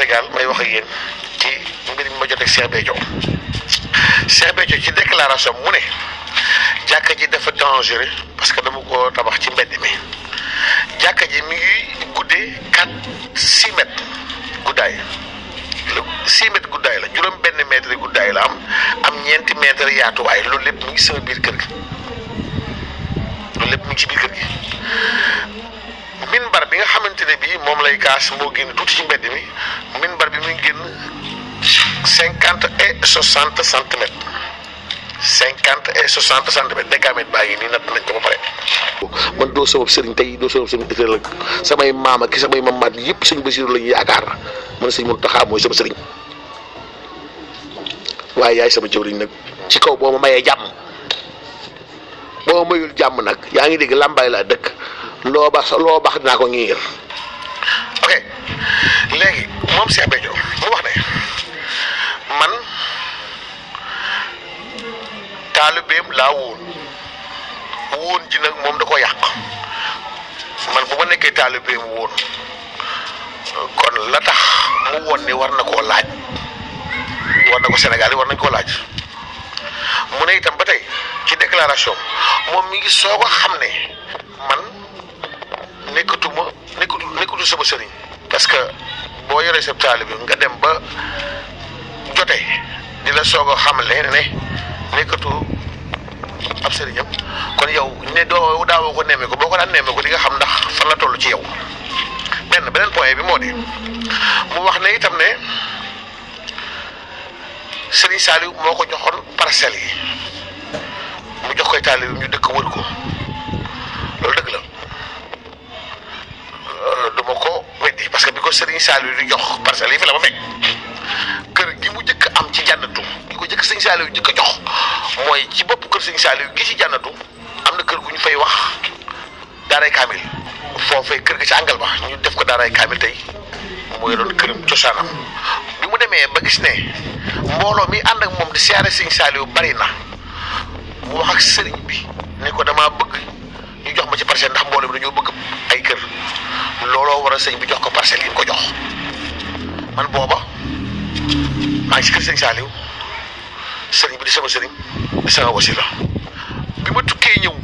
Sénégal may wax a yéen ci mbir mi ma jot ak Cheikh Béthio Cheikh Béthio ci déclaration mu ne jàkka ji dafa dangereux parce que dama ko tabax ci mbedd mi jàkka ji mi guddee quatre six mètres guddaay la juróom benn mètre guddaay la am am ñeenti mètre yaatuwaay loolu lépp mu ngi sama biir kër gi loolu lépp mu ngi ci biir kër gi minbar bi nga xamantene bi mom lay gas mo genn tout ci mbedd mi minbar bi mi genn 50 et 60 cm 50 et 60 cm décamètre baangi ni nat nañ ko ba paré man do sama serigne tay do sama serigne defal ak samay mama ki samay mamat yépp serigne basir lañu yaakar man serigne muntaxa moy serigne waye yaay sama nak ci kaw boma maye jamm bo mayul jamm nak yaangi deg lambay la dekk loo baax sa loo ko ñiir ok léegi moom Cheikh Béthio mu wax ne man taalibeem laa wóon wóon ji moom da ko yàq man bu ma nekkee taalibeem wóon kon la tax mu woon ni war na koo laaj war na ko Sénégal yi war nañ koo laaj mu ne itam ba tey ci déclaration moom mi ngi soog xam ne nekkatuma nekkatu nekkatu sama sëriñ parce que boo yoree sa taalibe bi nga dem ba jote di la soog a xamle ne nekkatu ab sëriñam kon yow ne doo daawoo ko nemme ko boo ko daan nemme ko nga xam ndax fan la tollu ci yow benn beneen point bi moo di mu wax ne itam ne Serigne Saliou moo ko joxoon parcelle yi mu jox koy taalibe ñu dëkk wër ko sëñ Saliou di jox parcelles yi fi la ma fekk kër gi mu jëkk am ci jànnatu gi ko jëkk sëñ Saliou jëkk a jox mooy ci bopp kër sëñ Saliou gi ci jànnatu am na kër gu ñu fay wax daaray kaamil foofee kër gi ci àngal ba ñu def ko daaray kaamil tey mooy doon këram cosaanam bi mu demee ba gis ne mbooloo mi ànd ak moom di siyaare sëñ Saliou bari na mu wax ak sëriñ bi ne ko damaa bëgg ñu jox ma ci parcelle ndax mbooloo mi dañoo bëgg ay kër looloo war a sëñ bi jox ko parcelle yi ko jox man booba maa ngi si kër sëñ Saaliw sëriñ bi di sama sëriñ di sama wasila bi ma tukkee ñëw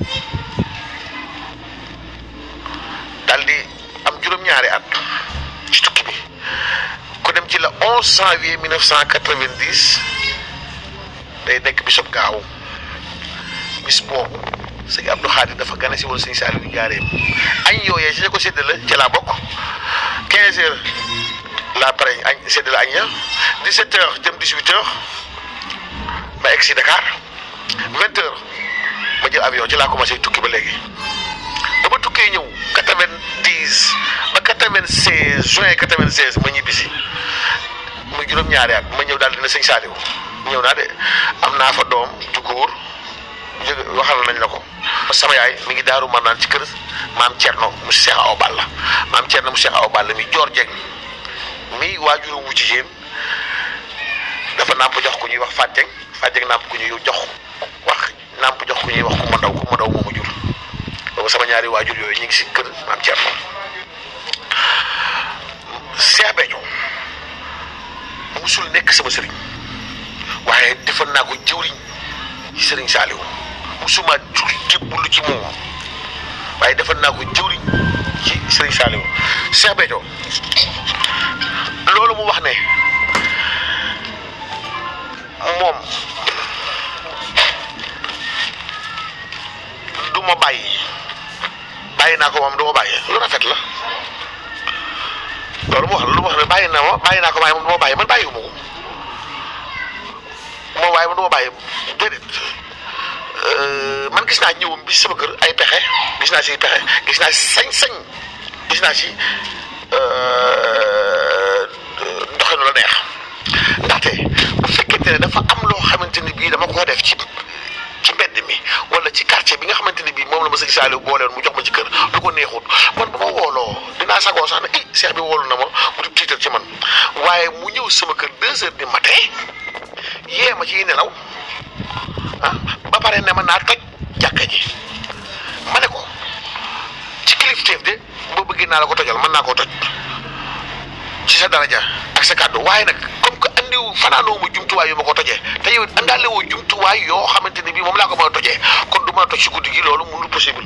daldi di am juróom-ñaari at ci tukki bi ku dem ci la 11 janvier 1990 day nekk bisub gaaw bis boobu. sëñ Abdou Khadir dafa gane si woon sëñ Saliou bu jaareem añ yooyee si ko séddale ci laa bokk 15 heures laa pare añ séddale añ ya 17 heures jëm 18 heures ma egg si Dakar 20 heures ma jël avion ci laa commencé tukki ba léegi ba ma tukkee ñëw 90 ba 96 juin 96 ma ñibbi si muy juróom-ñaari at ma ñëw daal dina sëñ Saliou ñëw naa de am naa fa doom ju góor waxal nañ la ko. ba sama yaay mi ngi daaru man naan ci kër maam Thierno mu Cheikh Awa Balla maam Thierno mu Cheikh Awa Balla mi joor jeg mi waajuru wu jigéen dafa nàmp jox ku ñuy wax fàjjeg fàjjeg nàmp ku ñuy jox wax nàmp jox ku ñuy wax ku ma ndaw ku ma ndaw moomu jur boobu sama ñaari waajur yooyu ñu ngi si kër maam Thierno Cheikh Béthio musul nekk sama sëriñ waaye defal naa ko jëwriñ ci sëriñ musuma jébbalu ci moom waaye defal naa ko jëwriñ ci Serigne Saliou Cheikh Béthio loolu mu wax ne moom duma ma bàyyi bàyyi naa ko moom du ma bàyyi lu rafet la loolu mu bàyyi na bàyyi naa ko waaye moom du ma bàyyi man bàyyiwuma moom waaye man du ma bàyyi. Euh, man gis naa ñëwum bi sama kër ay pexe gis naa si pexe gis naa si sañ-sañ gis naa si euh, doxinu la neex ndaxte bu fekkente ne dafa am loo xamante ni bii dama koo def ci ci mbedd mi wala ci quartier bi nga xamante ni bii moom la ma sëñ Saliou booleen mu jox ma ci kër lu ko neexut man bu ma wooloo dinaa sagoo sax ne eh, i seex bi woolu na ma mu di ci man waaye mu ñëw sama kër deux heures du matin yee ma ciy nelaw Ah, ba pare ne ma naa toj jàkka ji ma ne ko ci kilifteef de boo bëggee naa la ko tojal man naa koo toj ci sa daraja ak sa kàddu waaye nag comme que andiwu fanaanoo ma jumtuwaay yu ma ko tojee te yow andaale woo jumtuwaay yoo xamante ne bii moom laa ko mën a tojee kon du mën a toj si guddi gi loolu mënul possible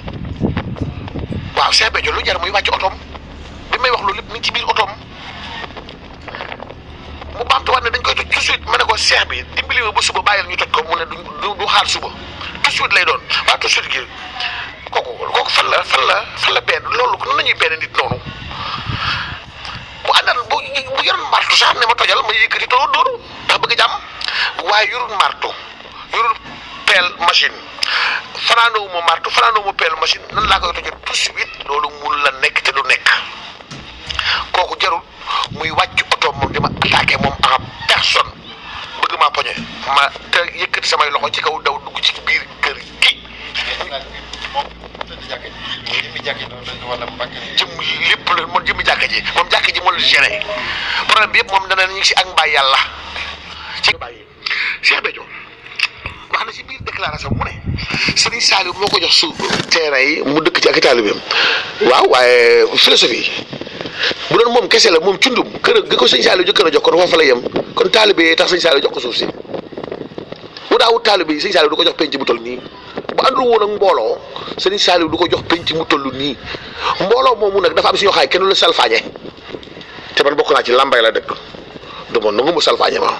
waaw Cheikh Béthio lu jar muy wàcc otoom bi may wax loolu lépp mi ci biir otoom. bu bamtu wane dañ koy tout suite mané ko cheikh bi dimbali bu suba bayal ñu toj ko mu ne du xaar suba tout suite lay doon wa tout suite gi koku koku fan la fan la fan la ben lolu ko nañuy ben nit nonu bu andal bu bu martu sax ne ma tojal ma yëkëti to door bëgg jam waye yorul martu yorul pel machine fanano mo martu fanano mo pel machine nan la koy tojal tout suite lolu mul la nek te du nek koku jarul muy waccu ma te yëkkati samay loxo ci kaw daw dugg ci biir kër gi. jëm lépp la moom jëmmi jàkka ji moom jàkka ji moo leen bi yëpp moom dana ñu ak mbaay yàlla. ci bàyyi Cheikh na si biir déclaration mu ne Serigne Saliou moo ko jox su terrain yi mu dëkk ci ak taalibeem waaw waaye philosophie bu doon moom kese la moom cundum kër ga ko Serigne Saliou jëkkër a jox kon a la yem kon taalibe tax Serigne Saliou jox ko suuf si. bu daawut talibi seigne sëñ Saliou du ko jox penc mu tollu ni bu andu won ak mbolo seigne Saliou du ko jox penc mu tollu ni mbolo momu nak dafa am suñu xay xaay kenn la salfaañe te ban bokku na ci lambay la dekk du ma nangu mu salfaañe ma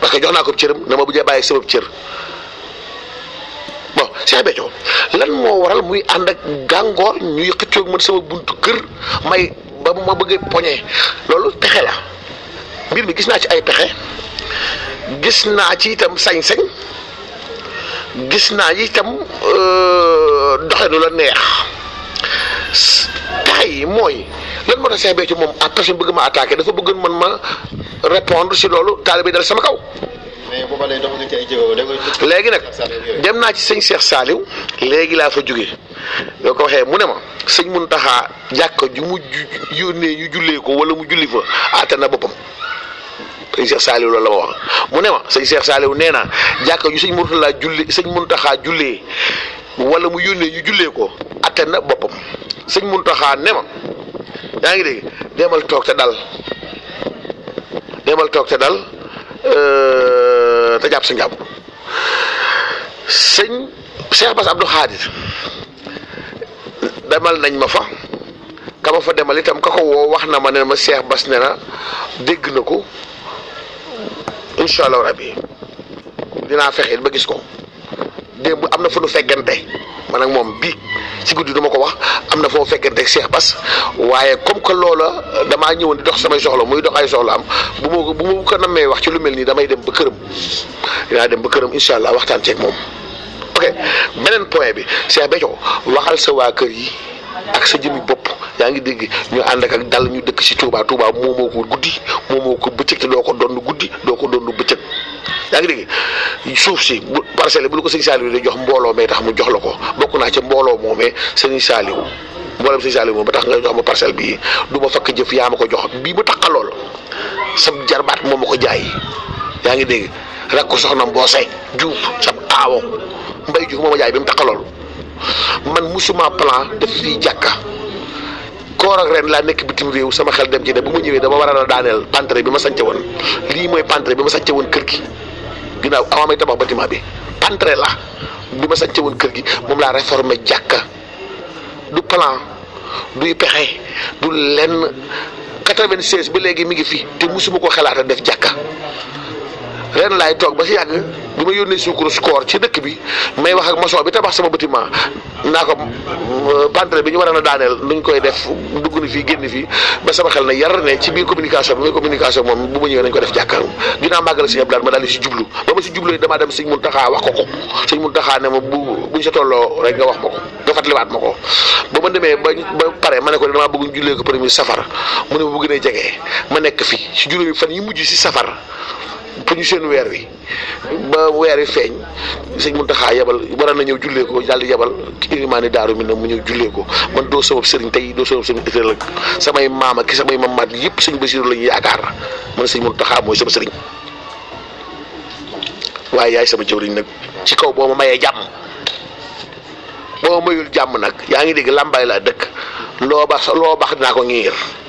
parce que jox naa ko cëram na ma bëggee baye sama cër bo Cheikh bejo lan mo waral muy and ak gàngoor ñuy xëccu ak man sama buntu kër may ba ma bëgg poñé lolu pexe la mbir mi gis na ci ay pexe. gis naa ci itam sañ-sañ gis naa itam euh, doxe nu la neex tay mooy lan moo tax Cheikh Béthio moom ak personne bëgg ma attaqué dafa bëgg man ma répondre si loolu taalibe dal sama kaw. léegi nag dem naa ci sëñ Cheikh Saliou léegi laa fa jóge yoo ko waxee mu ne ma sëñ Muntaxa jàkk ju mu yónnee ñu jullee ko wala mu julli fa àtte na boppam. sëñ Cheikh loolu la ma wax mu ne ma sëñ Cheikh Saliou nee na jàkka ju sëñ Mourtala julli sëñ Mountakha jullee wala mu yónnee ñu jullee ko atte na boppam sëñ Mountakha ne ma yaa ngi dégg demal toog te dal demal toog te dal euh, te jàpp sa njàpp sëñ Cheikh Bass Abdou Khadir demal nañ ma fa kama fa demal itam ka ko woo wax na ma ne ma Cheikh bas ne na dégg na ko incha allahu dinaa fexe ba gis ko démb am na fu nu feggante man ak moom bii ci guddi duma ko wax am na foo fekkante ak Cheikh Bass waaye comme que loola damaa ñëwoon di dox samay soxla muy dox ay soxla am bu ma bu ma ko may wax ci lu mel nii damay dem ba këram dinaa dem ba këram incha allah waxtaan ceeg moom. ok beneen point bi Cheikh Béthio waxal sa waa kër yi ak sa jëmi bopp. yaangi deg ñu and ak dal ñu dekk ci Touba Touba moomoo ko guddi moomoo ko beccëk te doo ko donn guddi doo ko donn bëccëg yaa ngi suuf ci parcelle bu lu ko seigne saliw di jox mbolo mee tax mu jox lako bokku na ci mbolo momé seigne saliw Saliou seigne saliw mo ba tax nga jox ma parcelle bi du ma fakk jëf yaa ma ko jox bi bu takka lool sab jarbat moom ma ko jaay yaangi deg rak ko soxna Mboose juuf sab aawo Mbay juuf moom ma jaay bi mu takka lool man musuma plan def fi jakka koor ak ren laa nekk bitim réew sama xel dem ci ne bu ma ñëwee dama war a daaneel pantre bi ma sànce woon lii mooy pantre bi ma sànce woon kër gi ginnaaw avant may bi pantre la bi ma sànce woon kër gi moom laa réformé jàkka du plan duy pexe du lenn 96 ba léegi mi ngi fii te musuma ko xalaata def jàkka ren laay toog ba si yàgg bi ma yónnee suukar score ci dëkk bi may wax ak maçon bi tabax sama bâtiment naa ko pantre euh, bi ñu war a daaneel nuñ koy def dugg na fii génn fii ba sama xel na yar ne ci biir communication bi mooy communication moom bu ma ñëwee nañ ko def jàkkaarloo ginnaaw màggal si Abdoulaye ma daal di si jublu ba ma si jublu damaa dem sëñ Muntaxa wax ko ko sëñ Muntaxa ne ma bu buñ sa tolloo rek nga wax ma ko nga fàttaliwaat ma ko ba ma demee ba ba pare ma ne ko damaa bëgg ko premier safar mu ne ma bu a jege ma nekk fii si juróomi fan yi mujj si safar bu ñu seen weer wi ba weer wi feeñ sëñ Muntaxa yebal war na ñëw jullee ko daal di yebal ilimaani daaru mi nag mu ñëw jullee ko man doo sabab sëriñ tey doo sabab sëriñ ëllëg samay maama ki samay mamaat yëpp sëñ Basiru la ñuy yaakaar man sëñ Muntaxa mooy sama sëriñ waaye yaay sama jëwriñ nag ci kaw boo ma mayee jàmm boo mayul jàmm nag yaa ngi dégg làmbaay laa dëkk loo baax loo baax dinaa ko ngiir